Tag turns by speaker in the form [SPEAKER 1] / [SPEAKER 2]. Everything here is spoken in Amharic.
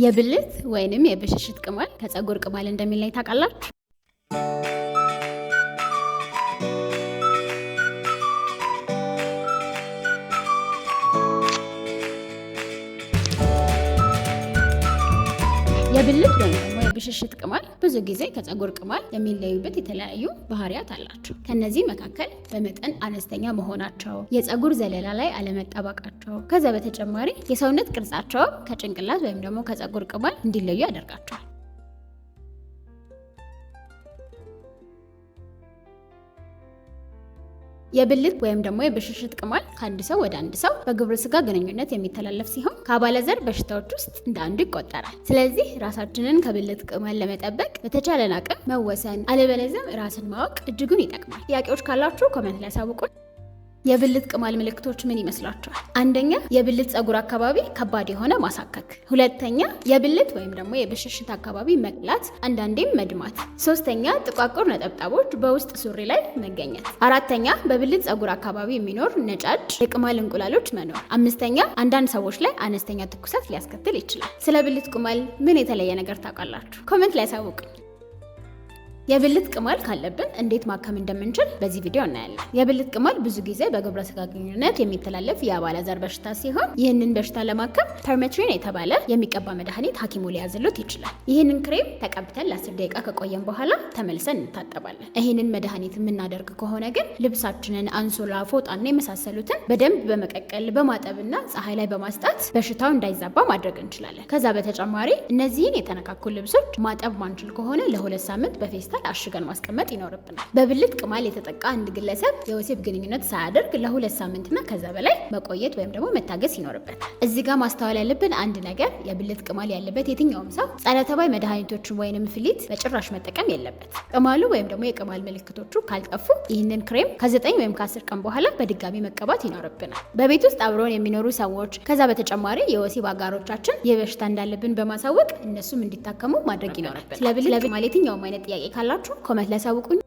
[SPEAKER 1] የብልት ወይንም የብሽሽት ቅማል ከፀጉር ቅማል እንደሚለይ ታውቃላችሁ? የብልት ወይም ብሽሽት ቅማል ብዙ ጊዜ ከፀጉር ቅማል የሚለዩበት የተለያዩ ባህሪያት አላቸው። ከነዚህ መካከል በመጠን አነስተኛ መሆናቸው፣ የፀጉር ዘለላ ላይ አለመጠባቃቸው፣ ከዛ በተጨማሪ የሰውነት ቅርጻቸው ከጭንቅላት ወይም ደግሞ ከፀጉር ቅማል እንዲለዩ ያደርጋቸዋል። የብልት ወይም ደግሞ የብሽሽት ቅማል ከአንድ ሰው ወደ አንድ ሰው በግብረ ስጋ ግንኙነት የሚተላለፍ ሲሆን ከአባለዘር በሽታዎች ውስጥ እንደ አንዱ ይቆጠራል። ስለዚህ ራሳችንን ከብልት ቅማል ለመጠበቅ በተቻለን አቅም መወሰን፣ አለበለዚያም ራስን ማወቅ እጅጉን ይጠቅማል። ጥያቄዎች ካላችሁ ኮመንት ላይ ያሳውቁን። የብልት ቅማል ምልክቶች ምን ይመስላችኋል? አንደኛ የብልት ጸጉር አካባቢ ከባድ የሆነ ማሳከክ፣ ሁለተኛ የብልት ወይም ደግሞ የብሽሽት አካባቢ መቅላት፣ አንዳንዴም መድማት፣ ሶስተኛ ጥቋቁር ነጠብጣቦች በውስጥ ሱሪ ላይ መገኘት፣ አራተኛ በብልት ጸጉር አካባቢ የሚኖር ነጫጭ የቅማል እንቁላሎች መኖር፣ አምስተኛ አንዳንድ ሰዎች ላይ አነስተኛ ትኩሳት ሊያስከትል ይችላል። ስለ ብልት ቅማል ምን የተለየ ነገር ታውቃላችሁ? ኮመንት ላይ ያሳውቁኝ። የብልት ቅማል ካለብን እንዴት ማከም እንደምንችል በዚህ ቪዲዮ እናያለን። የብልት ቅማል ብዙ ጊዜ በግብረ ስጋ ግንኙነት የሚተላለፍ የአባላዘር በሽታ ሲሆን ይህንን በሽታ ለማከም ተርሜትሪን የተባለ የሚቀባ መድኃኒት ሐኪሙ ሊያዝሉት ይችላል። ይህንን ክሬም ተቀብተን ለአስር ደቂቃ ከቆየን በኋላ ተመልሰን እንታጠባለን። ይህንን መድኃኒት የምናደርግ ከሆነ ግን ልብሳችንን፣ አንሶላ፣ ፎጣና የመሳሰሉትን በደንብ በመቀቀል በማጠብና ፀሐይ ላይ በማስጣት በሽታው እንዳይዛባ ማድረግ እንችላለን። ከዛ በተጨማሪ እነዚህን የተነካኩ ልብሶች ማጠብ ማንችል ከሆነ ለሁለት ሳምንት በፌስ ሆስፒታል አሽገን ማስቀመጥ ይኖርብናል። በብልት ቅማል የተጠቃ አንድ ግለሰብ የወሲብ ግንኙነት ሳያደርግ ለሁለት ሳምንትና ከዛ በላይ መቆየት ወይም ደግሞ መታገስ ይኖርበታል። እዚህ ጋር ማስተዋል ያለብን አንድ ነገር የብልት ቅማል ያለበት የትኛውም ሰው ጸረ ተባይ መድኃኒቶችን ወይንም ፍሊት በጭራሽ መጠቀም የለበት። ቅማሉ ወይም ደግሞ የቅማል ምልክቶቹ ካልጠፉ ይህንን ክሬም ከዘጠኝ ወይም ከአስር ቀን በኋላ በድጋሚ መቀባት ይኖርብናል። በቤት ውስጥ አብረውን የሚኖሩ ሰዎች ከዛ በተጨማሪ የወሲብ አጋሮቻችን የበሽታ በሽታ እንዳለብን በማሳወቅ እነሱም እንዲታከሙ ማድረግ ይኖርብናል። ስለብልት ቅማል የትኛውም አይነት ጥያቄ ካላችሁ ኮመንት ላይ ሳውቁኝ።